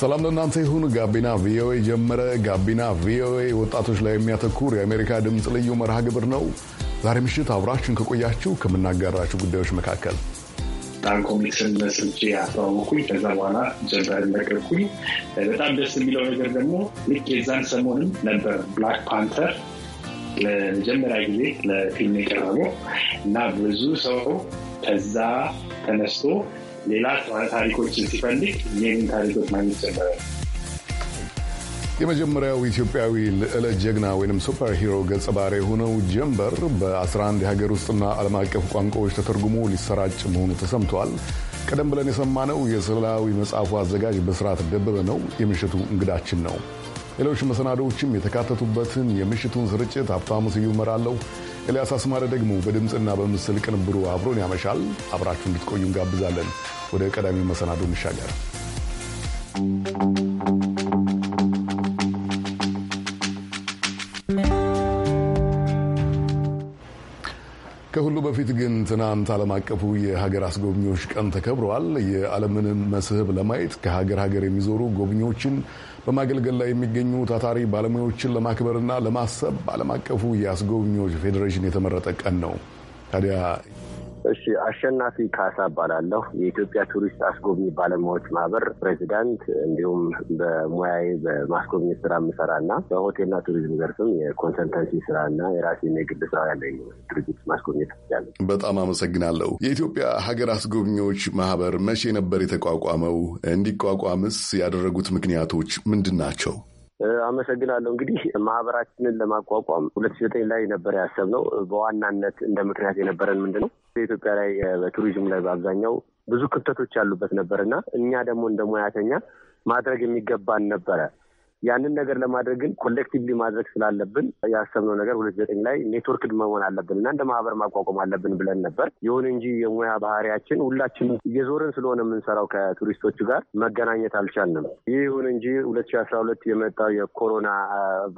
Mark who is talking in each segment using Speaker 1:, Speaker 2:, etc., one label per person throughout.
Speaker 1: ሰላም ለእናንተ ይሁን። ጋቢና ቪኦኤ ጀመረ። ጋቢና ቪኦኤ ወጣቶች ላይ የሚያተኩር የአሜሪካ ድምፅ ልዩ መርሃ ግብር ነው። ዛሬ ምሽት አብራችን ከቆያችሁ ከምናጋራችሁ ጉዳዮች መካከል
Speaker 2: በጣም ኮሚሽን መስልቼ ያስተዋወቁኝ ከዛ በኋላ ጀንበር ለቀኩኝ። በጣም ደስ የሚለው ነገር ደግሞ ልክ የዛን ሰሞንም ነበር ብላክ ፓንተር ለመጀመሪያ ጊዜ ለፊልም የቀረበው እና ብዙ ሰው ከዛ ተነስቶ ሌላ ታሪኮችን ሲፈልግ ይህንን ታሪኮች ማግኘት ጀመረ።
Speaker 1: የመጀመሪያው ኢትዮጵያዊ ልዕለ ጀግና ወይም ሱፐር ሂሮ ገጸ ባህሪ የሆነው ጀምበር በ11 የሀገር ውስጥና ዓለም አቀፍ ቋንቋዎች ተተርጉሞ ሊሰራጭ መሆኑ ተሰምቷል። ቀደም ብለን የሰማነው የስዕላዊ መጽሐፉ አዘጋጅ በስርዓት ደበበ ነው፣ የምሽቱ እንግዳችን ነው። ሌሎች መሰናዶዎችም የተካተቱበትን የምሽቱን ስርጭት ሀብታሙ ስዩም እመራለሁ። ኤልያስ አስማረ ደግሞ በድምፅና በምስል ቅንብሩ አብሮን ያመሻል። አብራችሁ እንድትቆዩ እንጋብዛለን። ወደ ቀዳሚው መሰናዶ እንሻገር። ከሁሉ በፊት ግን ትናንት ዓለም አቀፉ የሀገር አስጎብኚዎች ቀን ተከብረዋል። የዓለምን መስህብ ለማየት ከሀገር ሀገር የሚዞሩ ጎብኚዎችን በማገልገል ላይ የሚገኙ ታታሪ ባለሙያዎችን ለማክበርና ለማሰብ በዓለም አቀፉ የአስጎብኚዎች ፌዴሬሽን የተመረጠ ቀን ነው። ታዲያ
Speaker 3: እሺ አሸናፊ ካሳ እባላለሁ። የኢትዮጵያ ቱሪስት አስጎብኝ ባለሙያዎች ማህበር ፕሬዚዳንት፣ እንዲሁም በሙያዬ በማስጎብኝ ስራ ና በሆቴልና ቱሪዝም ዘርፍም የኮንሰልተንሲ ና የራሴን የግል ስራ ያለኝ ድርጅት ማስጎብኘት
Speaker 1: ያለ። በጣም አመሰግናለሁ። የኢትዮጵያ ሀገር አስጎብኚዎች ማህበር መቼ ነበር የተቋቋመው? እንዲቋቋምስ ያደረጉት ምክንያቶች ምንድን ናቸው?
Speaker 3: አመሰግናለሁ። እንግዲህ ማህበራችንን ለማቋቋም ሁለት ዘጠኝ ላይ ነበር ያሰብነው። በዋናነት እንደ ምክንያት የነበረን ምንድን ነው በኢትዮጵያ ላይ በቱሪዝም ላይ በአብዛኛው ብዙ ክፍተቶች ያሉበት ነበር እና እኛ ደግሞ እንደ ሙያተኛ ማድረግ የሚገባን ነበረ ያንን ነገር ለማድረግ ግን ኮሌክቲቭሊ ማድረግ ስላለብን ያሰብነው ነገር ሁለት ዘጠኝ ላይ ኔትወርክ መሆን አለብን እና እንደ ማህበር ማቋቋም አለብን ብለን ነበር። ይሁን እንጂ የሙያ ባህሪያችን ሁላችን እየዞርን ስለሆነ የምንሰራው ከቱሪስቶቹ ጋር መገናኘት አልቻልንም። ይሁን እንጂ ሁለት ሺ አስራ ሁለት የመጣው የኮሮና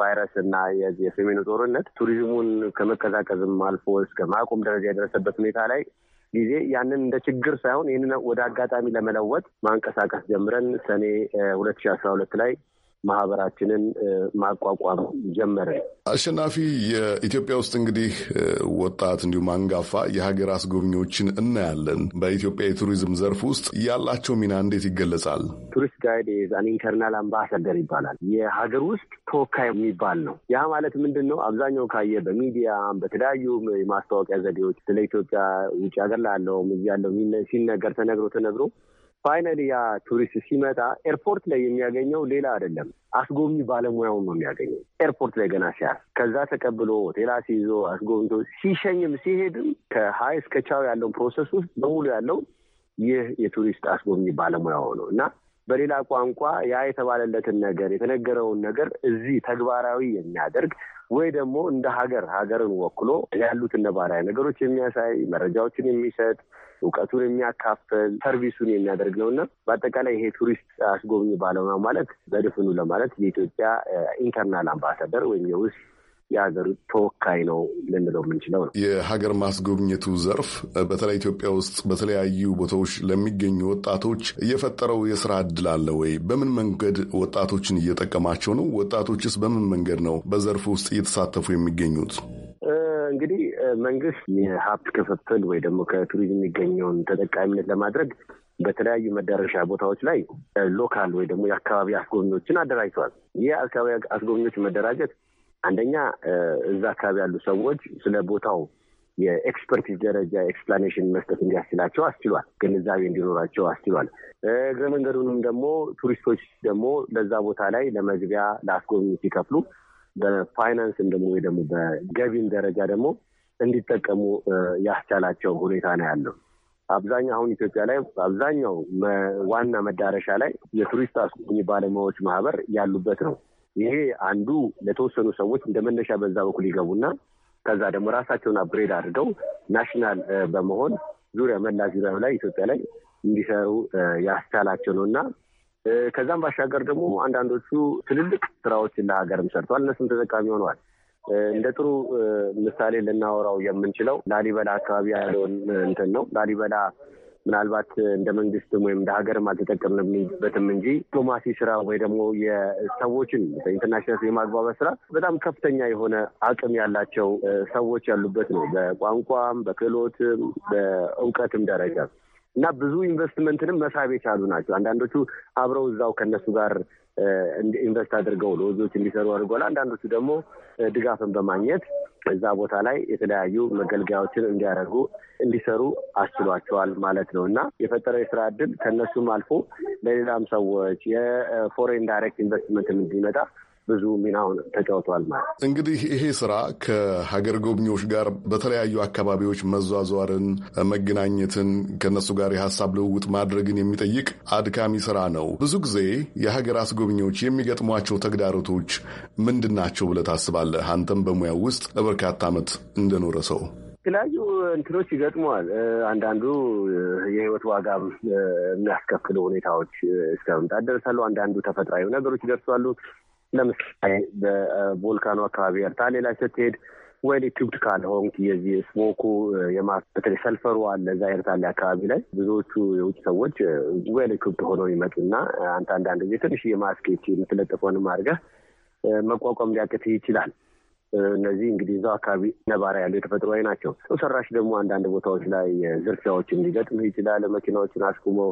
Speaker 3: ቫይረስ እና የሰሜኑ ጦርነት ቱሪዝሙን ከመቀዛቀዝም አልፎ እስከ ማቆም ደረጃ የደረሰበት ሁኔታ ላይ ጊዜ ያንን እንደ ችግር ሳይሆን ይህንን ወደ አጋጣሚ ለመለወጥ ማንቀሳቀስ ጀምረን ሰኔ ሁለት ሺ አስራ ሁለት ላይ ማህበራችንን ማቋቋም ጀመርን።
Speaker 1: አሸናፊ፣ የኢትዮጵያ ውስጥ እንግዲህ ወጣት እንዲሁም አንጋፋ የሀገር አስጎብኚዎችን እናያለን። በኢትዮጵያ የቱሪዝም ዘርፍ ውስጥ ያላቸው ሚና እንዴት ይገለጻል?
Speaker 3: ቱሪስት ጋይድ ዛን ኢንተርናል አምባሳደር ይባላል። የሀገር ውስጥ ተወካይ የሚባል ነው። ያ ማለት ምንድን ነው? አብዛኛው ካየ በሚዲያ በተለያዩ የማስታወቂያ ዘዴዎች ስለ ኢትዮጵያ ውጭ ሀገር ላለውም እዚህ ያለው ሲነገር ተነግሮ ተነግሮ ፋይናሊ ያ ቱሪስት ሲመጣ ኤርፖርት ላይ የሚያገኘው ሌላ አይደለም፣ አስጎብኚ ባለሙያውን ነው የሚያገኘው። ኤርፖርት ላይ ገና ሲያ ከዛ ተቀብሎ ሆቴላ ሲይዞ አስጎብኝቶ ሲሸኝም ሲሄድም ከሀይ እስከ ቻው ያለውን ፕሮሰስ ውስጥ በሙሉ ያለው ይህ የቱሪስት አስጎብኚ ባለሙያው ነው እና በሌላ ቋንቋ ያ የተባለለትን ነገር የተነገረውን ነገር እዚህ ተግባራዊ የሚያደርግ ወይ ደግሞ እንደ ሀገር ሀገርን ወክሎ ያሉትን ነባራዊ ነገሮች የሚያሳይ መረጃዎችን የሚሰጥ እውቀቱን የሚያካፍል ሰርቪሱን የሚያደርግ ነው እና በአጠቃላይ ይሄ ቱሪስት አስጎብኝ ባለሙያ ማለት በድፍኑ ለማለት የኢትዮጵያ ኢንተርናል አምባሳደር ወይም የውስጥ የሀገር ተወካይ ነው ልንለው የምንችለው ነው።
Speaker 1: የሀገር ማስጎብኘቱ ዘርፍ በተለይ ኢትዮጵያ ውስጥ በተለያዩ ቦታዎች ለሚገኙ ወጣቶች እየፈጠረው የስራ እድል አለ ወይ? በምን መንገድ ወጣቶችን እየጠቀማቸው ነው? ወጣቶችስ በምን መንገድ ነው በዘርፉ ውስጥ እየተሳተፉ የሚገኙት?
Speaker 3: እንግዲህ መንግስት የሀብት ክፍፍል ወይ ደግሞ ከቱሪዝም የሚገኘውን ተጠቃሚነት ለማድረግ በተለያዩ መዳረሻ ቦታዎች ላይ ሎካል ወይ ደግሞ የአካባቢ አስጎብኚዎችን አደራጅተዋል። ይህ አካባቢ አስጎብኚዎች መደራጀት አንደኛ እዛ አካባቢ ያሉ ሰዎች ስለ ቦታው የኤክስፐርቲዝ ደረጃ ኤክስፕላኔሽን መስጠት እንዲያስችላቸው አስችሏል። ግንዛቤ እንዲኖራቸው አስችሏል። እግረ መንገዱንም ደግሞ ቱሪስቶች ደግሞ ለዛ ቦታ ላይ ለመግቢያ ለአስጎብኝ ሲከፍሉ በፋይናንስም ደግሞ ወይ ደግሞ በገቢም ደረጃ ደግሞ እንዲጠቀሙ ያስቻላቸው ሁኔታ ነው ያለው። አብዛኛው አሁን ኢትዮጵያ ላይ አብዛኛው ዋና መዳረሻ ላይ የቱሪስት አስጎብኝ ባለሙያዎች ማህበር ያሉበት ነው። ይሄ አንዱ ለተወሰኑ ሰዎች እንደ መነሻ በዛ በኩል ይገቡና ከዛ ደግሞ ራሳቸውን አፕግሬድ አድርገው ናሽናል በመሆን ዙሪያ መላ ዙሪያ ላይ ኢትዮጵያ ላይ እንዲሰሩ ያስቻላቸው ነው እና ከዛም ባሻገር ደግሞ አንዳንዶቹ ትልልቅ ስራዎችን ለሀገርም ሰርተዋል። እነሱም ተጠቃሚ ሆነዋል። እንደ ጥሩ ምሳሌ ልናወራው የምንችለው ላሊበላ አካባቢ ያለውን እንትን ነው። ላሊበላ ምናልባት እንደ መንግስትም ወይም እንደ ሀገርም አልተጠቀምንበትም እንጂ ዲፕሎማሲ ስራ ወይ ደግሞ የሰዎችን በኢንተርናሽናል የማግባባት ስራ በጣም ከፍተኛ የሆነ አቅም ያላቸው ሰዎች ያሉበት ነው። በቋንቋም፣ በክህሎትም፣ በእውቀትም ደረጃ እና ብዙ ኢንቨስትመንትንም መሳብ የቻሉ ናቸው። አንዳንዶቹ አብረው እዛው ከነሱ ጋር ኢንቨስት አድርገው ለወንዞች እንዲሰሩ አድርጓል። አንዳንዶቹ ደግሞ ድጋፍን በማግኘት እዛ ቦታ ላይ የተለያዩ መገልገያዎችን እንዲያደርጉ እንዲሰሩ አስችሏቸዋል ማለት ነው እና የፈጠረው የስራ እድል ከእነሱም አልፎ ለሌላም ሰዎች የፎሬን ዳይሬክት ኢንቨስትመንት እንዲመጣ ብዙ ሚናውን ተጫውተዋል ማለት
Speaker 1: እንግዲህ ይሄ ስራ ከሀገር ጎብኚዎች ጋር በተለያዩ አካባቢዎች መዟዟርን፣ መገናኘትን፣ ከነሱ ጋር የሀሳብ ልውውጥ ማድረግን የሚጠይቅ አድካሚ ስራ ነው። ብዙ ጊዜ የሀገር አስጎብኚዎች የሚገጥሟቸው ተግዳሮቶች ምንድን ናቸው ብለህ ታስባለህ? አንተም በሙያው ውስጥ ለበርካታ ዓመት እንደኖረ ሰው
Speaker 3: የተለያዩ እንትኖች ይገጥመዋል። አንዳንዱ የህይወት ዋጋ የሚያስከፍሉ ሁኔታዎች እስከመምጣት ደርሳሉ። አንዳንዱ ተፈጥሯዊ ነገሮች ይደርሳሉ። ለምሳሌ በቮልካኖ አካባቢ ኤርታ ሌላ ስትሄድ ወይ ኢኩፕድ ካልሆንክ የዚህ ስሞኩ በተለይ ሰልፈሩ አለ እዛ ኤርታሌ አካባቢ ላይ ብዙዎቹ የውጭ ሰዎች ወይል ኢኩፕድ ሆነው ይመጡና አንተ አንዳንድ ጊዜ ትንሽ የማስኬች የምትለጥፈውንም አድርገህ መቋቋም ሊያቅት ይችላል። እነዚህ እንግዲህ እዛው አካባቢ ነባራ ያሉ የተፈጥሮ ናቸው። ሰው ሰራሽ ደግሞ አንዳንድ ቦታዎች ላይ ዝርፊያዎች እንዲገጥምህ ይችላል። መኪናዎችን አስቁመው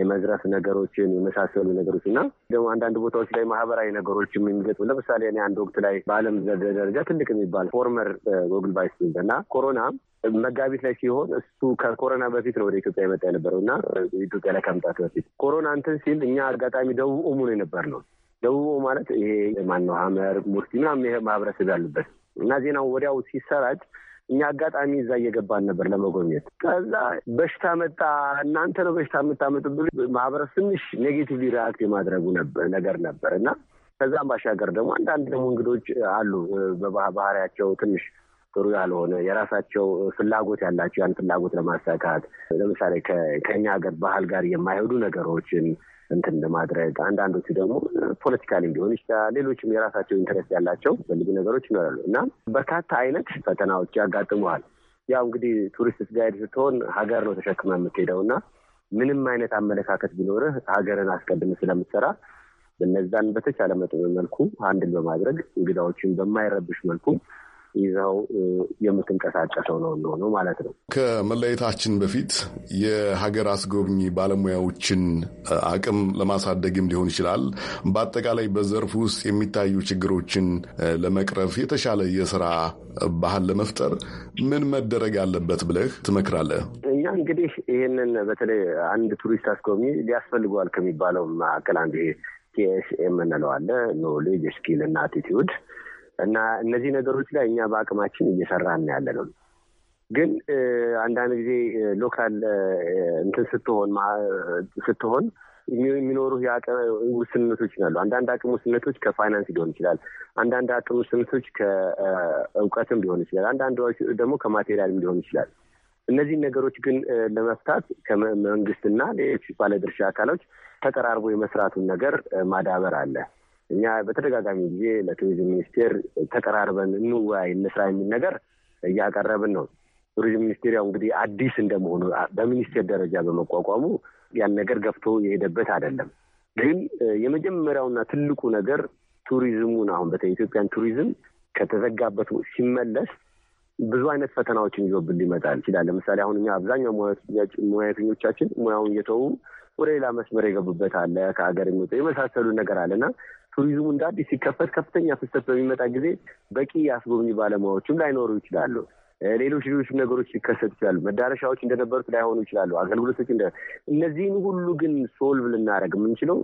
Speaker 3: የመዝረፍ ነገሮችን የመሳሰሉ ነገሮች እና ደግሞ አንዳንድ ቦታዎች ላይ ማህበራዊ ነገሮችም የሚገጥሙ ለምሳሌ እኔ አንድ ወቅት ላይ በዓለም ደረጃ ትልቅ የሚባል ፎርመር ጎግል ባይስ እና ኮሮና መጋቢት ላይ ሲሆን እሱ ከኮሮና በፊት ነው ወደ ኢትዮጵያ የመጣ የነበረው እና ኢትዮጵያ ላይ ከመምጣት በፊት ኮሮና እንትን ሲል እኛ አጋጣሚ ደቡብ ኦሞ ነው የነበር ነው። ደቡብ ኦሞ ማለት ይሄ ማነው ሀመር ሙርቲ ምናምን ማህበረሰብ ያሉበት እና ዜናው ወዲያው ሲሰራጭ እኛ አጋጣሚ እዛ እየገባን ነበር ለመጎብኘት። ከዛ በሽታ መጣ፣ እናንተ ነው በሽታ የምታመጡ ብሎ ማህበረሰብ ትንሽ ኔጌቲቭ ሪአክት የማድረጉ ነገር ነበር እና ከዛም ባሻገር ደግሞ አንዳንድ ደግሞ እንግዶች አሉ በባህሪያቸው ትንሽ ጥሩ ያልሆነ የራሳቸው ፍላጎት ያላቸው ያን ፍላጎት ለማሳካት ለምሳሌ ከኛ ሀገር ባህል ጋር የማይሄዱ ነገሮችን እንትን ለማድረግ አንዳንዶቹ ደግሞ ፖለቲካ ሊሆን ይችላል። ሌሎችም የራሳቸው ኢንተረስት ያላቸው ፈልጉ ነገሮች ይኖራሉ እና በርካታ አይነት ፈተናዎች ያጋጥመዋል። ያው እንግዲህ ቱሪስት ጋይድ ስትሆን ሀገር ነው ተሸክመ የምትሄደው እና ምንም አይነት አመለካከት ቢኖርህ ሀገርን አስቀድም ስለምትሰራ እነዛን በተቻለ መጠን መልኩ አንድን በማድረግ እንግዳዎችን በማይረብሽ መልኩ ይዘው የምትንቀሳቀሰው ነው የሚሆነው ማለት ነው።
Speaker 1: ከመለየታችን በፊት የሀገር አስጎብኚ ባለሙያዎችን አቅም ለማሳደግም ሊሆን ይችላል። በአጠቃላይ በዘርፍ ውስጥ የሚታዩ ችግሮችን ለመቅረፍ የተሻለ የስራ ባህል ለመፍጠር ምን መደረግ አለበት ብለህ ትመክራለህ?
Speaker 3: እኛ እንግዲህ ይህንን በተለይ አንድ ቱሪስት አስጎብኚ ሊያስፈልገዋል ከሚባለው መካከል አንዱ ቲኤስኤ የምንለው አለ ኖሌጅ ስኪል እና አቲቲዩድ እና እነዚህ ነገሮች ላይ እኛ በአቅማችን እየሰራን ያለ ነው። ግን አንዳንድ ጊዜ ሎካል እንትን ስትሆን ስትሆን የሚኖሩ ውስንነቶች ይላሉ። አንዳንድ አቅም ውስንነቶች ከፋይናንስ ሊሆን ይችላል። አንዳንድ አቅም ውስንነቶች ከእውቀትም ሊሆን ይችላል። አንዳንድ ደግሞ ከማቴሪያልም ሊሆን ይችላል። እነዚህን ነገሮች ግን ለመፍታት ከመንግስትና ሌሎች ባለድርሻ አካሎች ተቀራርቦ የመስራቱን ነገር ማዳበር አለ። እኛ በተደጋጋሚ ጊዜ ለቱሪዝም ሚኒስቴር ተቀራርበን እንወያይ፣ እንስራ የሚል ነገር እያቀረብን ነው። ቱሪዝም ሚኒስቴር ያው እንግዲህ አዲስ እንደመሆኑ በሚኒስቴር ደረጃ በመቋቋሙ ያን ነገር ገፍቶ የሄደበት አይደለም። ግን የመጀመሪያውና ትልቁ ነገር ቱሪዝሙን አሁን በኢትዮጵያን ቱሪዝም ከተዘጋበት ሲመለስ ብዙ አይነት ፈተናዎችን ይዞብን ሊመጣ ይችላል። ለምሳሌ አሁን እኛ አብዛኛው ሙያተኞቻችን ሙያውን እየተዉ ወደ ሌላ መስመር የገቡበት አለ፣ ከሀገር የሚወጡ የመሳሰሉ ነገር አለና ቱሪዝሙ እንደ አዲስ ሲከፈት ከፍተኛ ፍሰት በሚመጣ ጊዜ በቂ አስጎብኝ ባለሙያዎችም ላይኖሩ ይችላሉ። ሌሎች ሌሎች ነገሮች ሊከሰት ይችላሉ። መዳረሻዎች እንደነበሩት ላይሆኑ ይችላሉ። አገልግሎቶች እንደ እነዚህን ሁሉ ግን ሶልቭ ልናደርግ የምንችለው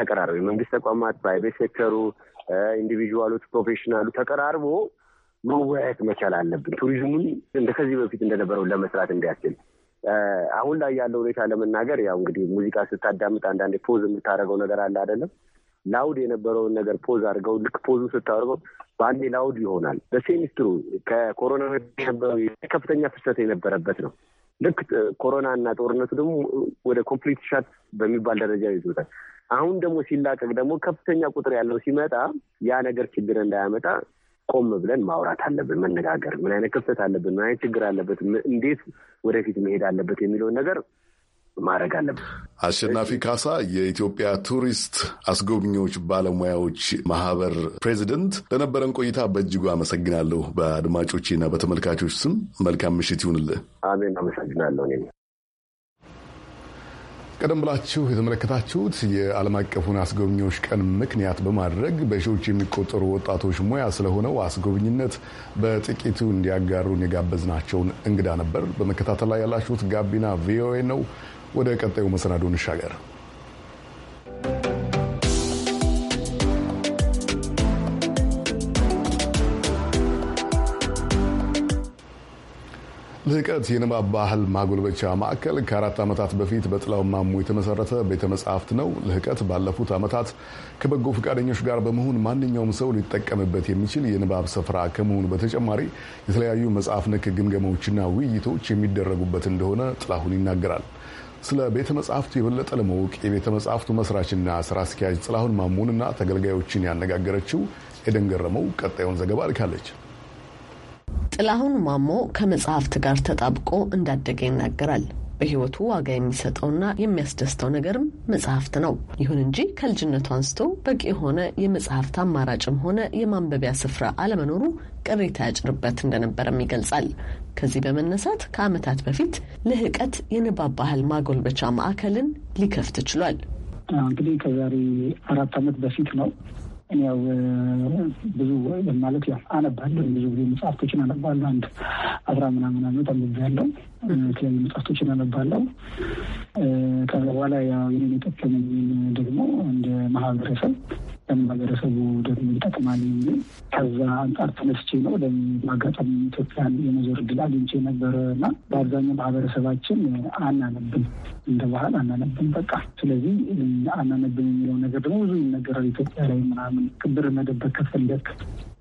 Speaker 3: ተቀራርቦ የመንግስት ተቋማት፣ ፕራይቬት ሴክተሩ፣ ኢንዲቪዥዋሎች፣ ፕሮፌሽናሉ ተቀራርቦ መወያየት መቻል አለብን። ቱሪዝሙን ከዚህ በፊት እንደነበረው ለመስራት እንዲያስችል አሁን ላይ ያለው ሁኔታ ለመናገር ያው እንግዲህ ሙዚቃ ስታዳምጥ አንዳንዴ ፖዝ የምታደርገው ነገር አለ አይደለም ላውድ የነበረውን ነገር ፖዝ አድርገው ልክ ፖዙ ስታደርገው በአንዴ ላውድ ይሆናል። በሴሚስትሩ ከኮሮና የነበረው ከፍተኛ ፍሰት የነበረበት ነው። ልክ ኮሮና እና ጦርነቱ ደግሞ ወደ ኮምፕሊት ሻት በሚባል ደረጃ ይዞታል። አሁን ደግሞ ሲላቀቅ ደግሞ ከፍተኛ ቁጥር ያለው ሲመጣ ያ ነገር ችግር እንዳያመጣ ቆም ብለን ማውራት አለብን፣ መነጋገር ምን አይነት ክፍተት አለብን፣ ምን አይነት ችግር አለበት፣ እንዴት ወደፊት መሄድ አለበት የሚለውን ነገር ማድረግ አለብን።
Speaker 1: አሸናፊ ካሳ የኢትዮጵያ ቱሪስት አስጎብኚዎች ባለሙያዎች ማህበር ፕሬዚደንት፣ ለነበረን ቆይታ በእጅጉ አመሰግናለሁ። በአድማጮችና በተመልካቾች ስም መልካም ምሽት ይሁንልህ። አሜን። አመሰግናለሁ ቀደም ብላችሁ የተመለከታችሁት የዓለም አቀፉን አስጎብኚዎች ቀን ምክንያት በማድረግ በሺዎች የሚቆጠሩ ወጣቶች ሙያ ስለሆነው አስጎብኝነት በጥቂቱ እንዲያጋሩን የጋበዝናቸውን እንግዳ ነበር። በመከታተል ላይ ያላችሁት ጋቢና ቪኦኤ ነው። ወደ ቀጣዩ መሰናዶ እንሻገር። ልህቀት የንባብ ባህል ማጎልበቻ ማዕከል ከአራት ዓመታት በፊት በጥላው ማሙ የተመሰረተ ቤተ መጽሐፍት ነው። ልህቀት ባለፉት ዓመታት ከበጎ ፈቃደኞች ጋር በመሆን ማንኛውም ሰው ሊጠቀምበት የሚችል የንባብ ስፍራ ከመሆኑ በተጨማሪ የተለያዩ መጽሐፍ ነክ ግምገማዎችና ውይይቶች የሚደረጉበት እንደሆነ ጥላሁን ይናገራል። ስለ ቤተ መጽሐፍቱ የበለጠ ለማወቅ የቤተ መጽሐፍቱ መስራችና ስራ አስኪያጅ ጥላሁን ና ተገልጋዮችን ያነጋገረችው ኤደን ገረመው ቀጣዩን ዘገባ ልካለች።
Speaker 4: ጥላሁን ማሞ ከመጽሐፍት ጋር ተጣብቆ እንዳደገ ይናገራል። በህይወቱ ዋጋ የሚሰጠውና የሚያስደስተው ነገርም መጽሐፍት ነው። ይሁን እንጂ ከልጅነቱ አንስቶ በቂ የሆነ የመጽሐፍት አማራጭም ሆነ የማንበቢያ ስፍራ አለመኖሩ ቅሬታ ያጭርበት እንደነበረም ይገልጻል። ከዚህ በመነሳት ከዓመታት በፊት ልህቀት የንባብ ባህል ማጎልበቻ ማዕከልን ሊከፍት ችሏል። እንግዲህ ከዛሬ አራት ዓመት በፊት ነው ያው ብዙ
Speaker 5: ማለት ያው አነባለሁ ብዙ ጊዜ መጽሐፍቶችን አነባለሁ። አንድ አስራ ምናምን ዓመት አንብቤያለሁ። የተለያዩ መጽሐፍቶችን አነባለሁ። ከዛ በኋላ ያው የኔን የጠቀመኝን ደግሞ እንደ ማህበረሰብ ለማህበረሰቡ ደግሞ ይጠቅማል የሚል ከዛ አንጻር ተነስቼ ነው። ለማጋጣሚ ኢትዮጵያን የመዞር ድል አግኝቼ ነበረና በአብዛኛው ማህበረሰባችን አናነብም፣ እንደ ባህል አናነብም በቃ። ስለዚህ አናነብም የሚለው ነገር ደግሞ ብዙ ይነገራል ኢትዮጵያ ላይ ምናምን ክብር መደበቅ ከፈለግ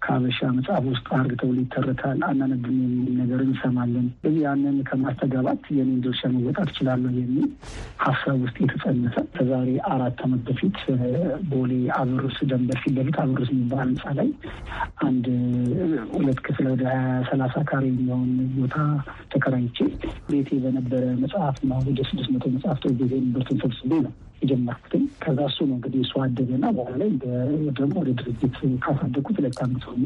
Speaker 5: ከአበሻ መጽሐፍ ውስጥ አርግተው ይተረታል። አናነብም የሚል ነገር እንሰማለን። ስለዚህ ያንን ከማስተጋባት የኔን ድርሻ መወጣት እችላለሁ የሚል ሀሳብ ውስጥ የተጸነሰ ከዛሬ አራት ዓመት በፊት ቦሌ አብሩስ ደንበር ፊት ለፊት አብሩስ የሚባል ህንፃ ላይ አንድ ሁለት ክፍል ወደ ሀያ ሰላሳ ካሬ የሚሆን ቦታ ተከራይቼ ቤቴ በነበረ መጽሐፍ መጽሐፍና ወደ ስድስት መቶ መጽሐፍቶች ቤቴ ንብረቱን ሰብስቤ ነው የጀመርኩትም ከዛ እሱ ነው እንግዲህ እሱ አደገና በኋላ ላይ ደግሞ ወደ ድርጅት ካሳደግኩት ሁለት አመት
Speaker 4: ሆኖ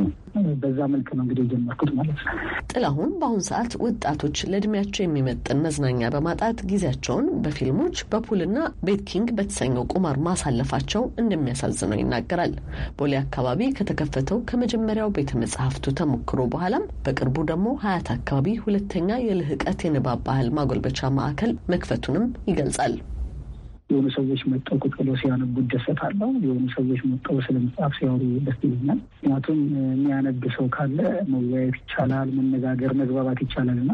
Speaker 4: በዛ መልክ ነው እንግዲህ የጀመርኩት ማለት ነው። ጥላሁን በአሁኑ ሰዓት ወጣቶች ለእድሜያቸው የሚመጥን መዝናኛ በማጣት ጊዜያቸውን በፊልሞች በፑልና ቤትኪንግ በተሰኘው ቁማር ማሳለፋቸው እንደሚያሳዝነው ይናገራል። ቦሌ አካባቢ ከተከፈተው ከመጀመሪያው ቤተ መጽሐፍቱ ተሞክሮ በኋላም በቅርቡ ደግሞ ሀያት አካባቢ ሁለተኛ የልህቀት የንባብ ባህል ማጎልበቻ ማዕከል መክፈቱንም ይገልጻል። የሆኑ ሰዎች
Speaker 5: መጠው ቁጭ ብለው ሲያነቡ እደሰታለሁ። የሆኑ ሰዎች መጠው ስለ መጽሐፍ ሲያወሩ ደስ ይለኛል። ምክንያቱም የሚያነብ ሰው ካለ መወያየት ይቻላል፣ መነጋገር፣ መግባባት ይቻላል እና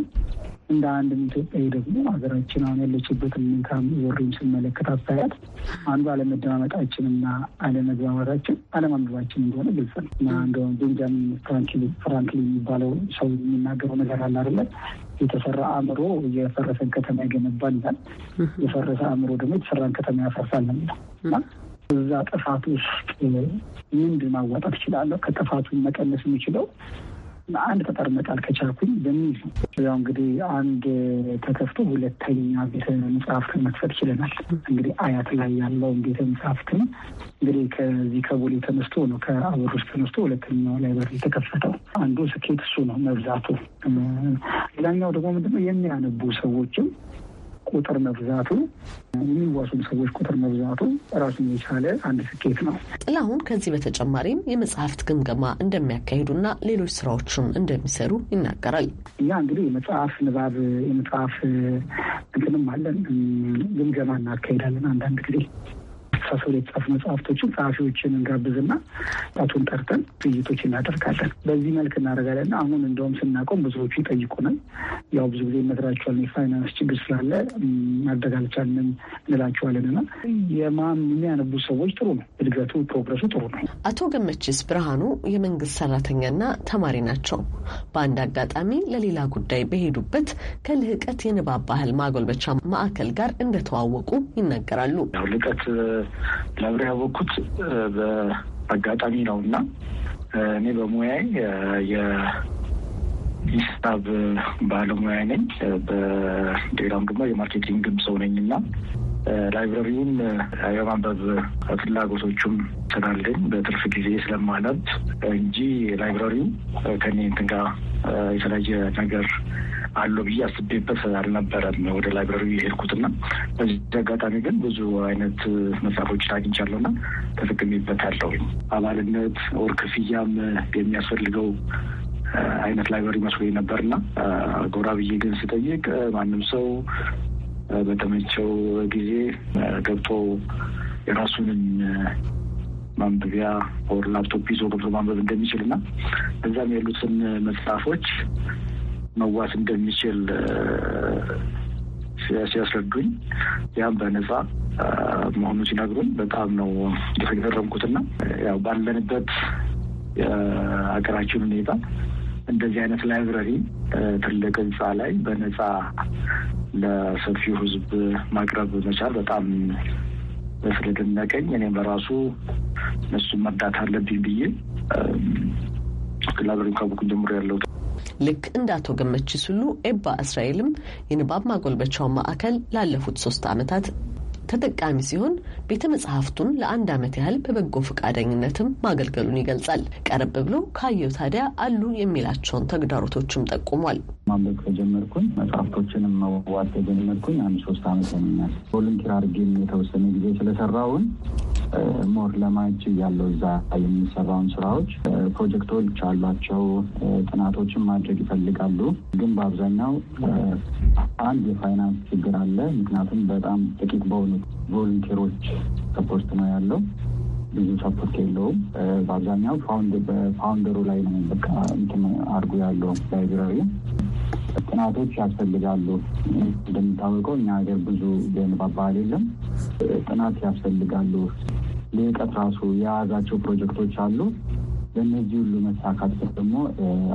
Speaker 5: እንደ አንድ ኢትዮጵያዊ ደግሞ ሀገራችን አሁን ያለችበትን ምንካም ወሬም ስመለከት አስተያየት አንዱ አለመደማመጣችን እና አለመግባባታችን አለማንበባችን እንደሆነ ግልጽ ነው እና እንደውም ቤንጃሚን ፍራንክሊን የሚባለው ሰው የሚናገረው ነገር አለ አይደለም የተሰራ አእምሮ የፈረሰን ከተማ ይገነባል ይላል። የፈረሰ አእምሮ ደግሞ የተሰራን ከተማ ያፈርሳል ነው የሚለው እዛ ጥፋት ውስጥ ምንድን ማዋጣት እችላለሁ? ከጥፋቱን መቀነስ የሚችለው አንድ ጠጠር መጣል ከቻልኩኝ በሚል ያው እንግዲህ አንድ ተከፍቶ ሁለተኛ ቤተ መጽሐፍትን መክፈት ችለናል። እንግዲህ አያት ላይ ያለውን ቤተ መጽሐፍትን እንግዲህ ከዚህ ከቦሌ ተነስቶ ነው ከአበሮች ተነስቶ ሁለተኛው ላይብረሪ የተከፈተው። አንዱ ስኬት እሱ ነው መብዛቱ። ሌላኛው ደግሞ ምንድነው
Speaker 4: የሚያነቡ ሰዎችም ቁጥር መብዛቱ የሚዋሱም ሰዎች ቁጥር መብዛቱ ራሱን የቻለ አንድ ስኬት ነው። ጥላሁን ከዚህ በተጨማሪም የመጽሐፍት ግምገማ እንደሚያካሂዱና ሌሎች ስራዎችም እንደሚሰሩ ይናገራል። እኛ እንግዲህ የመጽሐፍ ንባብ
Speaker 5: የመጽሐፍ እንትንም አለን፣ ግምገማ እናካሄዳለን አንዳንድ ጊዜ በአስተሳሰብ የተጻፉ መጽሐፍቶችን ጸሐፊዎችን እንጋብዝና ጣቱን ጠርተን ውይይቶች እናደርጋለን። በዚህ መልክ እናደርጋለን። አሁን እንደውም ስናቆም ብዙዎቹ ይጠይቁናል። ያው ብዙ ጊዜ ይመስላችኋል የፋይናንስ ችግር ስላለ ማድረግ አልቻልንም እንላችኋለን እና
Speaker 4: የሚያነቡ ሰዎች ጥሩ ነው። እድገቱ ፕሮግረሱ ጥሩ ነው። አቶ ገመችስ ብርሃኑ የመንግስት ሰራተኛና ተማሪ ናቸው። በአንድ አጋጣሚ ለሌላ ጉዳይ በሄዱበት ከልህቀት የንባብ ባህል ማጎልበቻ ማዕከል ጋር እንደተዋወቁ ይናገራሉ። ልቀት
Speaker 6: ለብር ያወቅኩት በአጋጣሚ ነው እና እኔ በሙያዬ የሂሳብ ባለሙያ ነኝ። በሌላም ደግሞ የማርኬቲንግም ሰው ነኝ እና ላይብረሪውን የማንበብ ፍላጎቶቹም ስላለኝ በትርፍ ጊዜ ስለማነብ እንጂ ላይብረሪው ከኔ እንትን ጋር የተለያየ ነገር አሉ ብዬ አስቤበት አልነበረም ወደ ላይብረሪ የሄድኩትና በዚህ አጋጣሚ ግን ብዙ አይነት መጽሐፎችን አግኝቻለሁና ተጠቅሜበታለሁ። አባልነት ወር ክፍያም የሚያስፈልገው አይነት ላይብረሪ መስሎኝ ነበርና ጎራ ብዬ ግን ስጠይቅ ማንም ሰው በተመቸው ጊዜ ገብቶ የራሱንም ማንበቢያ ኦር ላፕቶፕ ይዞ ገብቶ ማንበብ እንደሚችል እና እዛም ያሉትን መጽሐፎች መዋስ እንደሚችል ሲያስረዱኝ ያም በነፃ መሆኑ ሲነግሩኝ በጣም ነው የተገረምኩትና ያው ባለንበት የሀገራችን ሁኔታ እንደዚህ አይነት ላይብረሪ ትልቅ ህንፃ ላይ በነፃ ለሰፊው ህዝብ ማቅረብ መቻል በጣም ስለደነቀኝ እኔም በራሱ እነሱን መርዳት አለብኝ ብዬ
Speaker 4: ላይብረሪ ካወቅኩ ጀምሮ ያለው ልክ እንደ አቶ ገመቺስ ሁሉ ኤባ እስራኤልም የንባብ ማጎልበቻውን ማዕከል ላለፉት ሶስት ዓመታት ተጠቃሚ ሲሆን ቤተ መጽሐፍቱን ለአንድ ዓመት ያህል በበጎ ፈቃደኝነትም ማገልገሉን ይገልጻል። ቀረብ ብሎ ካየው ታዲያ አሉ የሚላቸውን ተግዳሮቶችም ጠቁሟል። ማንበብ ከጀመርኩኝ
Speaker 5: መጽሐፍቶችንም መዋዋል ከጀመርኩኝ አንድ ሶስት ዓመት ሆኖኛል። ቮለንቲር አድርጌም የተወሰነ ጊዜ ስለሰራውን ሞር ለማጅ ያለው እዛ የሚሰራውን ስራዎች ፕሮጀክቶች አሏቸው። ጥናቶችን ማድረግ ይፈልጋሉ። ግን በአብዛኛው አንድ የፋይናንስ ችግር አለ። ምክንያቱም በጣም ጥቂት በሆኑ ቮለንቲሮች ሰፖርት ነው ያለው። ብዙ ሰፖርት የለውም። በአብዛኛው በፋውንደሩ ላይ ነው በቃ እንትን አድርጎ ያለው ላይብራሪ ጥናቶች ያስፈልጋሉ። እንደሚታወቀው እኛ ሀገር ብዙ ገንባባ የለም። ጥናት ያስፈልጋሉ። ልዕቀት ራሱ የያዛቸው ፕሮጀክቶች አሉ። ለእነዚህ ሁሉ
Speaker 4: መሳካት ደግሞ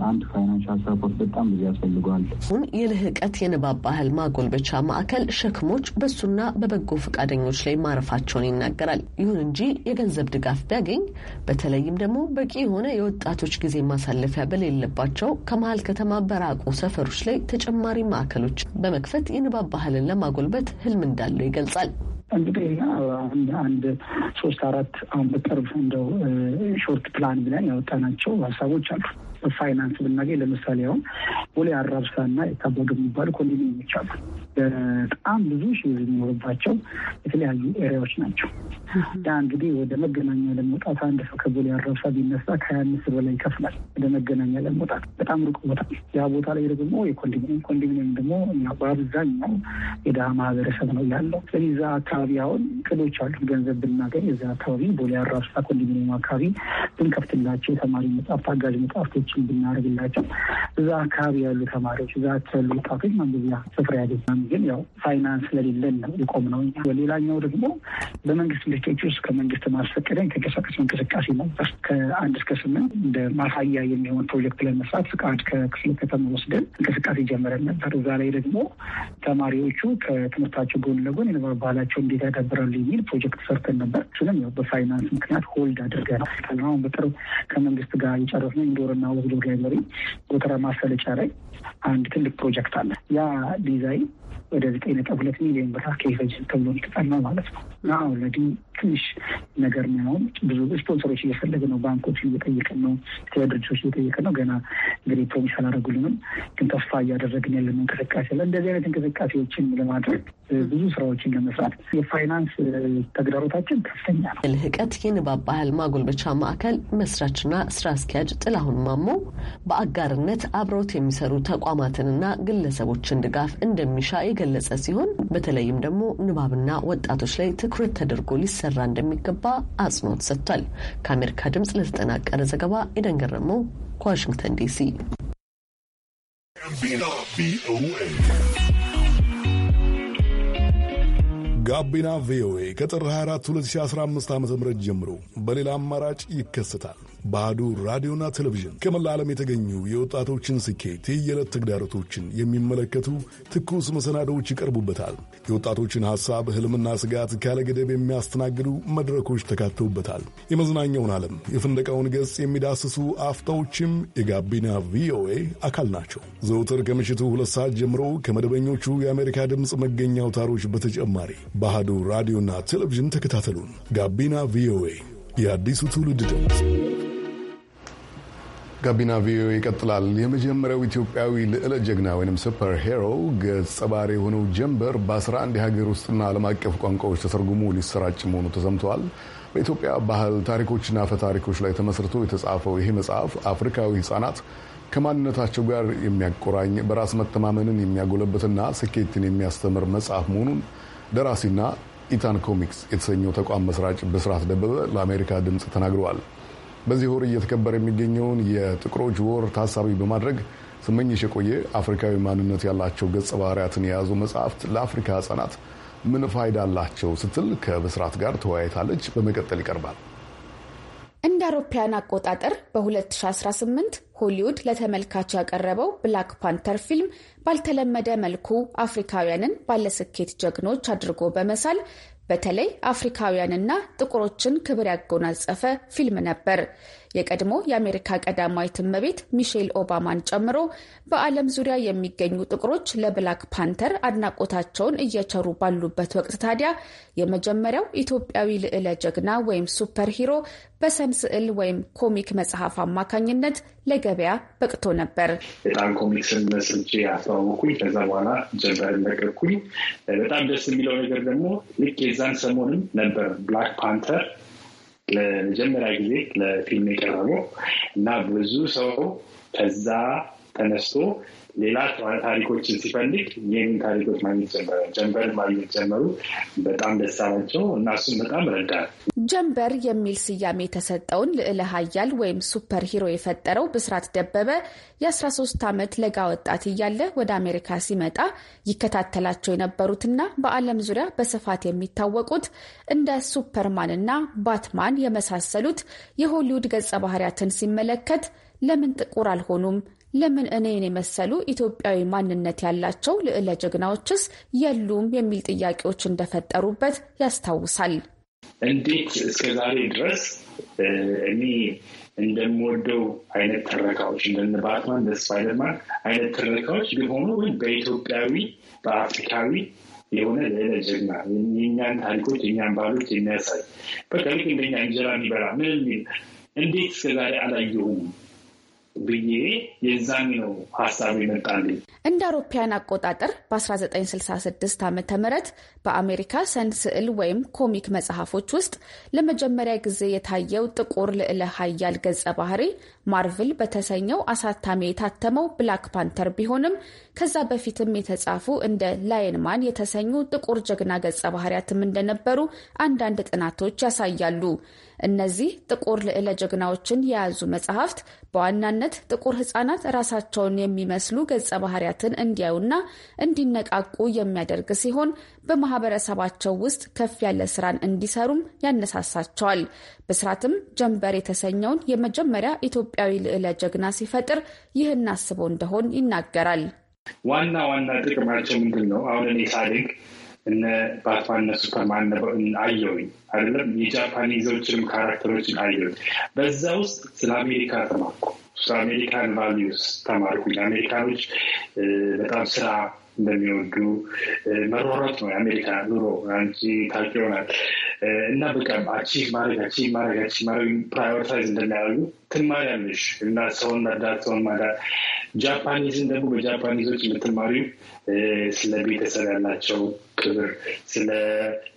Speaker 4: አንድ ፋይናንሻል ሰፖርት በጣም ብዙ ያስፈልገዋል። አሁን የልህቀት የንባብ ባህል ማጎልበቻ ማዕከል ሸክሞች በእሱና በበጎ ፈቃደኞች ላይ ማረፋቸውን ይናገራል። ይሁን እንጂ የገንዘብ ድጋፍ ቢያገኝ በተለይም ደግሞ በቂ የሆነ የወጣቶች ጊዜ ማሳለፊያ በሌለባቸው ከመሀል ከተማ በራቁ ሰፈሮች ላይ ተጨማሪ ማዕከሎች በመክፈት የንባብ ባህልን ለማጎልበት ህልም እንዳለው ይገልጻል። እንግዲህ አንድ ሶስት አራት አሁን በቅርብ እንደው ሾርት ፕላን ብለን ያወጣናቸው
Speaker 5: ሀሳቦች አሉ። ፋይናንስ ብናገኝ ለምሳሌ አሁን ቦሌ አራብሳና የታቦድ የሚባሉ ኮንዶሚኒየሞች አሉ። በጣም ብዙ ሺ የሚኖርባቸው የተለያዩ ኤሪያዎች ናቸው። ያ እንግዲህ ወደ መገናኛ ለመውጣት አንድ ሰው ከቦሌ አራብሳ ቢነሳ ከሀያ አምስት በላይ ይከፍላል። ወደ መገናኛ ለመውጣት በጣም ሩቅ ቦታ። ያ ቦታ ላይ ደግሞ የኮንዶሚኒየም ኮንዶሚኒየም ደግሞ በአብዛኛው የድሀ ማህበረሰብ ነው ያለው። ስለዚህ እዛ አካባቢ አሁን ቅዶች አሉ። ገንዘብ ብናገኝ እዛ አካባቢ ቦሌ አራብሳ ኮንዶሚኒየም አካባቢ ብንከፍትላቸው የተማሪ መጽሐፍት፣ አጋዥ መጽሐፍቶች ነገሮችን ብናደርግላቸው እዛ አካባቢ ያሉ ተማሪዎች እዛ ያሉ ወጣቶች ማንገቢያ ስፍራ ያገኛሉ። ግን ያው ፋይናንስ ለሌለን ነው ይቆም ነው። ሌላኛው ደግሞ በመንግስት ምልክቶች ውስጥ ከመንግስት ማስፈቀደ የተንቀሳቀስ እንቅስቃሴ መውጣት ከአንድ እስከ ስምንት እንደ ማሳያ የሚሆን ፕሮጀክት ለመስራት ፍቃድ ከክፍለ ከተማ ወስደን እንቅስቃሴ ጀመረን ነበር። እዛ ላይ ደግሞ ተማሪዎቹ ከትምህርታቸው ጎን ለጎን የንባብ ባህላቸው እንዴት ያዳብራሉ የሚል ፕሮጀክት ሰርተን ነበር። ስለም ያው በፋይናንስ ምክንያት ሆልድ አድርገናል። አሁን በቅርብ ከመንግስት ጋር የጨረስነው የግብርና በግድብ ላይብረሪ ጎተራ ማሰለጫ ላይ አንድ ትልቅ ፕሮጀክት አለ። ያ ዲዛይን ወደ ዘጠኝ ነጥብ ሁለት ሚሊዮን ብር ከይፈጅ ተብሎ የተጠና ማለት ነው። እና ኦልሬዲ ትንሽ ነገር ነው። ብዙ ስፖንሰሮች እየፈለገ ነው። ባንኮች እየጠየቅን ነው። የተለያዩ ድርጅቶች እየጠየቅን ነው። ገና እንግዲህ ፕሮሚስ አላደረጉልንም፣ ግን ተስፋ እያደረግን ያለን እንቅስቃሴ አለ።
Speaker 4: እንደዚህ አይነት እንቅስቃሴዎችን ለማድረግ ብዙ ስራዎችን ለመስራት የፋይናንስ ተግዳሮታችን ከፍተኛ ነው። ልህቀት የንባብ ባህል ማጎልበቻ ማዕከል መስራችና ስራ አስኪያጅ ጥላሁን ማሞ በአጋርነት አብረውት የሚሰሩ ተቋማትንና ግለሰቦችን ድጋፍ እንደሚሻ የገለጸ ሲሆን በተለይም ደግሞ ንባብና ወጣቶች ላይ ትኩረት ተደርጎ ሊሰራ እንደሚገባ አጽንኦት ሰጥቷል። ከአሜሪካ ድምፅ ለተጠናቀረ ዘገባ ኤደን ገረመው ከዋሽንግተን ዲሲ
Speaker 1: ጋቢና ቪኦኤ ከጥር 24 2015 ዓ ም ጀምሮ በሌላ አማራጭ ይከሰታል። ባዶ ራዲዮና ቴሌቪዥን ከመላ ዓለም የተገኙ የወጣቶችን ስኬት፣ የየዕለት ተግዳሮቶችን የሚመለከቱ ትኩስ መሰናዶዎች ይቀርቡበታል። የወጣቶችን ሐሳብ፣ ሕልምና ስጋት ካለገደብ የሚያስተናግዱ መድረኮች ተካተውበታል። የመዝናኛውን ዓለም፣ የፍንደቃውን ገጽ የሚዳስሱ አፍታዎችም የጋቢና ቪኦኤ አካል ናቸው። ዘውትር ከምሽቱ ሁለት ሰዓት ጀምሮ ከመደበኞቹ የአሜሪካ ድምፅ መገኛ አውታሮች በተጨማሪ ባህዱ ራዲዮና ቴሌቪዥን ተከታተሉን። ጋቢና ቪኦኤ የአዲሱ ትውልድ ድምፅ ጋቢና ቪኦኤ ይቀጥላል። የመጀመሪያው ኢትዮጵያዊ ልዕለ ጀግና ወይም ሱፐር ሄሮ ገጸ ባህሪ የሆነው ጀንበር በ11 የሀገር ውስጥና ዓለም አቀፍ ቋንቋዎች ተተርጉሞ ሊሰራጭ መሆኑ ተሰምተዋል። በኢትዮጵያ ባህል ታሪኮችና አፈታሪኮች ላይ ተመስርቶ የተጻፈው ይሄ መጽሐፍ አፍሪካዊ ህጻናት ከማንነታቸው ጋር የሚያቆራኝ በራስ መተማመንን የሚያጎለበትና ስኬትን የሚያስተምር መጽሐፍ መሆኑን ደራሲና ኢታን ኮሚክስ የተሰኘው ተቋም መስራች ብስራት ደበበ ለአሜሪካ ድምፅ ተናግረዋል። በዚህ ወር እየተከበረ የሚገኘውን የጥቁሮች ወር ታሳቢ በማድረግ ስመኝሽ የቆየ አፍሪካዊ ማንነት ያላቸው ገጸ ባህሪያትን የያዙ መጽሐፍት ለአፍሪካ ህጻናት ምን ፋይዳ አላቸው ስትል ከብስራት ጋር ተወያይታለች። በመቀጠል ይቀርባል።
Speaker 7: እንደ አውሮፓያን አቆጣጠር በ2018 ሆሊውድ ለተመልካች ያቀረበው ብላክ ፓንተር ፊልም ባልተለመደ መልኩ አፍሪካውያንን ባለስኬት ጀግኖች አድርጎ በመሳል በተለይ አፍሪካውያንና ጥቁሮችን ክብር ያጎናጸፈ ፊልም ነበር። የቀድሞ የአሜሪካ ቀዳማዊት እመቤት ሚሼል ኦባማን ጨምሮ በዓለም ዙሪያ የሚገኙ ጥቁሮች ለብላክ ፓንተር አድናቆታቸውን እየቸሩ ባሉበት ወቅት ታዲያ የመጀመሪያው ኢትዮጵያዊ ልዕለ ጀግና ወይም ሱፐር ሂሮ በሰም ስዕል ወይም ኮሚክ መጽሐፍ አማካኝነት ለገበያ በቅቶ ነበር።
Speaker 2: በጣም ኮሚክስን መስርቼ አስተዋወኩኝ። ከዛ በኋላ ጀንበርን ለቀኩኝ። በጣም ደስ የሚለው ነገር ደግሞ ልክ የዛን ሰሞንም ነበር ብላክ ፓንተር ለመጀመሪያ ጊዜ ለፊልም የቀረበው እና ብዙ ሰው ከዛ ተነስቶ ሌላ ታሪኮችን ሲፈልግ ይህን ታሪኮች ማግኘት ጀመረ። ጀንበር ማግኘት ጀመሩ። በጣም ደስ ናቸው እና እሱም በጣም ረዳል።
Speaker 7: ጀንበር የሚል ስያሜ የተሰጠውን ልዕለ ሀያል ወይም ሱፐር ሂሮ የፈጠረው ብስራት ደበበ የ13 ዓመት ለጋ ወጣት እያለ ወደ አሜሪካ ሲመጣ ይከታተላቸው የነበሩትና በዓለም ዙሪያ በስፋት የሚታወቁት እንደ ሱፐርማን እና ባትማን የመሳሰሉት የሆሊውድ ገጸ ባህሪያትን ሲመለከት ለምን ጥቁር አልሆኑም ለምን እኔን የመሰሉ ኢትዮጵያዊ ማንነት ያላቸው ልዕለ ጀግናዎችስ የሉም የሚል ጥያቄዎች እንደፈጠሩበት ያስታውሳል።
Speaker 2: እንዴት እስከዛሬ ድረስ እኔ እንደምወደው አይነት ትረካዎች እንደ ባትማን እንደ ስፓይደርማን አይነት ትረካዎች ቢሆኑ ግን በኢትዮጵያዊ በአፍሪካዊ የሆነ ልዕለ ጀግና የኛን ታሪኮች የኛን ባህሎች የሚያሳይ በቃ ልክ እንደኛ እንጀራ የሚበላ ምን እንዴት እስከዛሬ አላየሁም? ብዬ የዛን ነው ሀሳብ
Speaker 7: እንደ አውሮፓውያን አቆጣጠር በ1966 ዓ ም በአሜሪካ ሰንድ ስዕል ወይም ኮሚክ መጽሐፎች ውስጥ ለመጀመሪያ ጊዜ የታየው ጥቁር ልዕለ ሀያል ገጸ ባህሪ ማርቭል በተሰኘው አሳታሚ የታተመው ብላክ ፓንተር ቢሆንም ከዛ በፊትም የተጻፉ እንደ ላየንማን የተሰኙ ጥቁር ጀግና ገጸ ባህርያትም እንደነበሩ አንዳንድ ጥናቶች ያሳያሉ። እነዚህ ጥቁር ልዕለ ጀግናዎችን የያዙ መጽሐፍት በዋናነት ጥቁር ሕጻናት ራሳቸውን የሚመስሉ ገጸ ባህርያትን እንዲያዩና እንዲነቃቁ የሚያደርግ ሲሆን በማህበረሰባቸው ውስጥ ከፍ ያለ ስራን እንዲሰሩም ያነሳሳቸዋል። ብስራትም ጀንበር የተሰኘውን የመጀመሪያ ኢትዮጵያ ኢትዮጵያዊ ልዕለ ጀግና ሲፈጥር ይህ እናስበው እንደሆን ይናገራል።
Speaker 2: ዋና ዋና ጥቅማቸው ምንድን ነው? አሁን እኔ ሳድግ እነ ባትማን እነ ሱፐርማን አየሁኝ አይደለም የጃፓኒዞችንም ካራክተሮችን አየሁኝ። በዛ ውስጥ ስለ አሜሪካ ተማርኩ። ስለ አሜሪካን ቫሊዩስ ተማርኩኝ። አሜሪካኖች በጣም ስራ እንደሚወዱ መሯሯጥ ነው የአሜሪካ ኑሮ አንቺ ታውቂው ይሆናል እና በቃ አቺቭ ማድረግ አቺቭ ማድረግ አቺቭ ማድረግ ፕራዮሪታይዝ እንደሚያደርጉ ትማሪያለሽ እና ሰውን መርዳት ሰውን ማዳት ጃፓኒዝን ደግሞ በጃፓኒዞች የምትማሪው ስለ ቤተሰብ ያላቸው ክብር፣ ስለ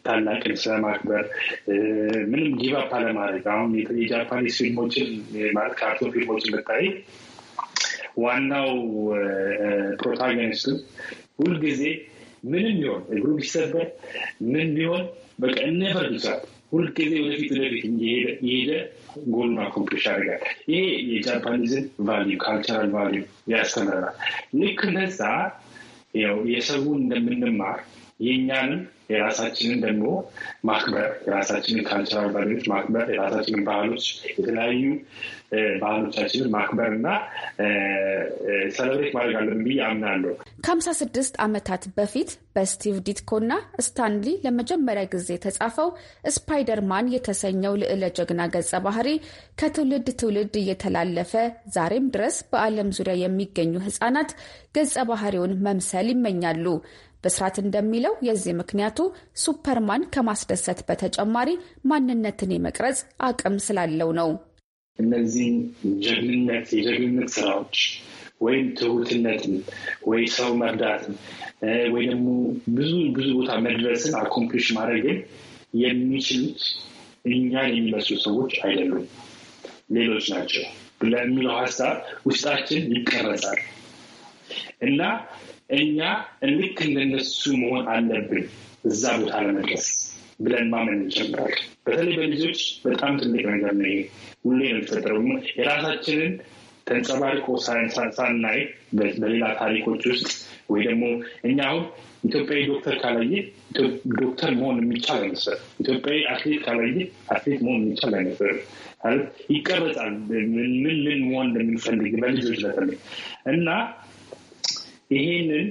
Speaker 2: ታላቅን ስለ ማክበር፣ ምንም ጊቫፕ አለማድረግ። አሁን የጃፓኒዝ ፊልሞችን ማለት ካርቶ ፊልሞችን ብታይ ዋናው ፕሮታጎኒስቱ ሁልጊዜ ምንም ቢሆን እግሩ ቢሰበር ምን ቢሆን በቃ እነ ብሳ ሁልጊዜ ወደፊት ወደፊት እየሄደ ጎሉን አኮምፕሊሽ ያደርጋል። ይሄ የጃፓኒዝን ቫሊዩ ካልቸራል ቫሊዩ ያስተምረናል። ልክ ነዛ የሰውን እንደምንማር የእኛንም የራሳችንን ደግሞ ማክበር የራሳችንን ካልቸራል ባሪዎች ማክበር የራሳችንን ባህሎች የተለያዩ ባህሎቻችንን ማክበር እና ሰለብሬት ማድረግ አለብን ብዬ አምናለሁ።
Speaker 7: ከሀምሳ ስድስት ዓመታት በፊት በስቲቭ ዲትኮ እና ስታንሊ ለመጀመሪያ ጊዜ የተጻፈው ስፓይደርማን የተሰኘው ልዕለ ጀግና ገጸ ባህሪ ከትውልድ ትውልድ እየተላለፈ ዛሬም ድረስ በዓለም ዙሪያ የሚገኙ ህጻናት ገጸ ባህሪውን መምሰል ይመኛሉ። በስርዓት እንደሚለው የዚህ ምክንያቱ ሱፐርማን ከማስደሰት በተጨማሪ ማንነትን የመቅረጽ አቅም ስላለው ነው።
Speaker 2: እነዚህ ጀግንነት የጀግንነት ስራዎች ወይም ትሁትነትን ወይ ሰው መርዳትን ወይ ደግሞ ብዙ ብዙ ቦታ መድረስን አኮምፕሊሽ ማድረግን የሚችሉት እኛን የሚመስሉ ሰዎች አይደሉም፣ ሌሎች ናቸው ለሚለው ሀሳብ ውስጣችን ይቀረጻል እና እኛ ልክ እንደነሱ መሆን አለብን እዛ ቦታ ለመድረስ ብለን ማመን ይጀምራል። በተለይ በልጆች በጣም ትልቅ ነገር ነው። ሁሌ የምትፈጥረው የራሳችንን ተንጸባርቆ ሳናይ በሌላ ታሪኮች ውስጥ ወይ ደግሞ እኛ አሁን ኢትዮጵያዊ ዶክተር ካላየ ዶክተር መሆን የሚቻል አይመስልም። ኢትዮጵያዊ አትሌት ካላየ አትሌት መሆን የሚቻል አይመስልም። ይቀረጻል ምን ምን መሆን እንደምንፈልግ በልጆች በተለይ እና ይሄንን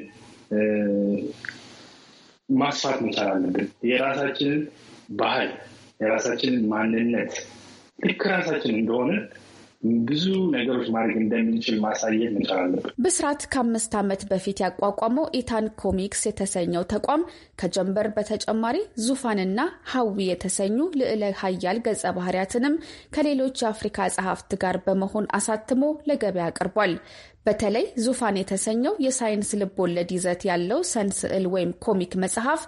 Speaker 2: ማስፋት መቻል አለብን። የራሳችንን ባህል የራሳችንን ማንነት ልክ ራሳችን እንደሆነ ብዙ ነገሮች ማድረግ እንደምንችል ማሳየት እንችላለን።
Speaker 7: ብስራት ከአምስት ዓመት በፊት ያቋቋመው ኢታን ኮሚክስ የተሰኘው ተቋም ከጀንበር በተጨማሪ ዙፋንና ሀዊ የተሰኙ ልዕለ ሀያል ገጸ ባህሪያትንም ከሌሎች የአፍሪካ ጸሐፍት ጋር በመሆን አሳትሞ ለገበያ አቅርቧል። በተለይ ዙፋን የተሰኘው የሳይንስ ልቦለድ ይዘት ያለው ሰንስዕል ወይም ኮሚክ መጽሐፍ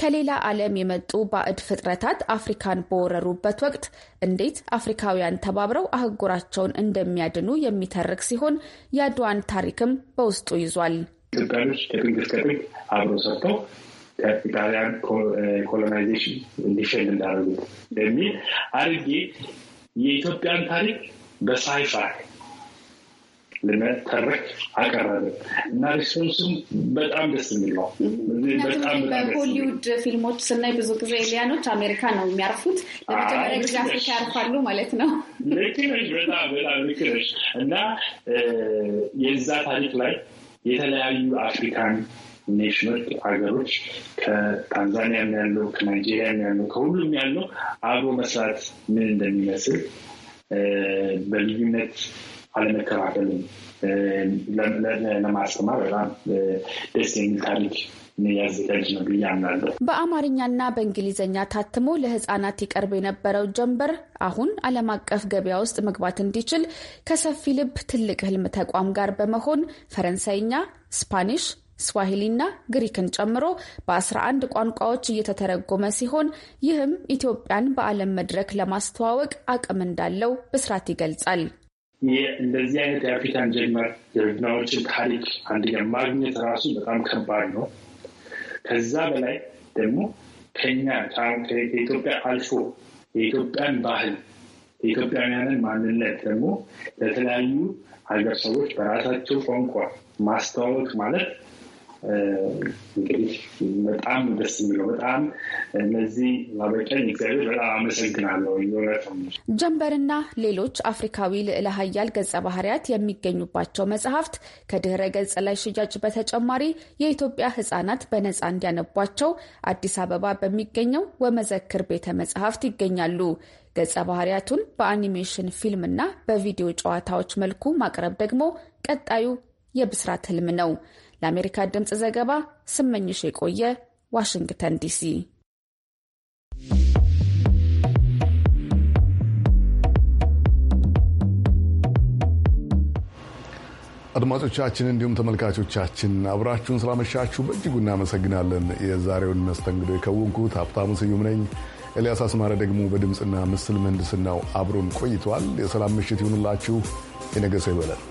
Speaker 7: ከሌላ ዓለም የመጡ ባዕድ ፍጥረታት አፍሪካን በወረሩበት ወቅት እንዴት አፍሪካውያን ተባብረው አህጉራቸውን እንደሚያድኑ የሚተርክ ሲሆን የአድዋን ታሪክም በውስጡ ይዟል።
Speaker 2: ኢትዮጵያኖች ከጥግ እስከ ጥግ አብሮ ሰርተው ከኢጣሊያን ኮሎናይዜሽን እንዲሸል እንዳደረጉት በሚል አድርጌ የኢትዮጵያን ታሪክ በሳይፋይ ልንተርክ አቀረብን እና ሪሶርሱም በጣም ደስ የሚል ነው። በሆሊውድ
Speaker 7: ፊልሞች ስናይ ብዙ ጊዜ ኤሊያኖች አሜሪካ ነው የሚያርፉት። ለመጀመሪያ ጊዜ አፍሪካ ያርፋሉ ማለት ነው።
Speaker 2: ልክ ነሽ፣ በጣም በጣም ልክ ነሽ። እና የዛ ታሪክ ላይ የተለያዩ አፍሪካን ኔሽኖች ሀገሮች ከታንዛኒያም ያለው ከናይጄሪያም ያለው ከሁሉም ያለው አብሮ መስራት ምን እንደሚመስል በልዩነት አለመከፋፈልን ለማስተማር በጣም ደስ የሚል ታሪክ
Speaker 7: በአማርኛና በእንግሊዝኛ ታትሞ ለህጻናት ይቀርብ የነበረው ጀንበር አሁን ዓለም አቀፍ ገበያ ውስጥ መግባት እንዲችል ከሰፊ ልብ ትልቅ ህልም ተቋም ጋር በመሆን ፈረንሳይኛ፣ ስፓኒሽ ስዋሂሊና ግሪክን ጨምሮ በ11 ቋንቋዎች እየተተረጎመ ሲሆን ይህም ኢትዮጵያን በዓለም መድረክ ለማስተዋወቅ አቅም እንዳለው ብስራት ይገልጻል።
Speaker 2: እንደዚህ አይነት የአፍሪካን ጀመር ጀግናዎችን ታሪክ አንደኛ ማግኘት ራሱ በጣም ከባድ ነው። ከዛ በላይ ደግሞ ከኛ ከኢትዮጵያ አልፎ የኢትዮጵያን ባህል የኢትዮጵያውያንን ማንነት ደግሞ ለተለያዩ ሀገር ሰዎች በራሳቸው ቋንቋ ማስተዋወቅ ማለት እንግዲህ በጣም ደስ የሚለው በጣም እነዚህ ማበቀል እግዚአብሔር በጣም አመሰግናለሁ።
Speaker 7: ጀንበርና ሌሎች አፍሪካዊ ልዕለ ሀያል ገጸ ባህርያት የሚገኙባቸው መጽሐፍት ከድህረ ገጽ ላይ ሽያጭ በተጨማሪ የኢትዮጵያ ህጻናት በነጻ እንዲያነቧቸው አዲስ አበባ በሚገኘው ወመዘክር ቤተ መጽሐፍት ይገኛሉ። ገጸ ባህርያቱን በአኒሜሽን ፊልም እና በቪዲዮ ጨዋታዎች መልኩ ማቅረብ ደግሞ ቀጣዩ የብስራት ህልም ነው። ለአሜሪካ ድምፅ ዘገባ ስመኝሽ የቆየ ዋሽንግተን ዲሲ።
Speaker 1: አድማጮቻችን እንዲሁም ተመልካቾቻችን አብራችሁን ስላመሻችሁ በእጅጉ እናመሰግናለን። የዛሬውን መስተንግዶ የከወንኩት ሀብታሙ ስዩም ነኝ። ኤልያስ አስማረ ደግሞ በድምፅና ምስል ምህንድስናው አብሮን ቆይቷል። የሰላም ምሽት ይሁንላችሁ። የነገ ሰው ይበለን።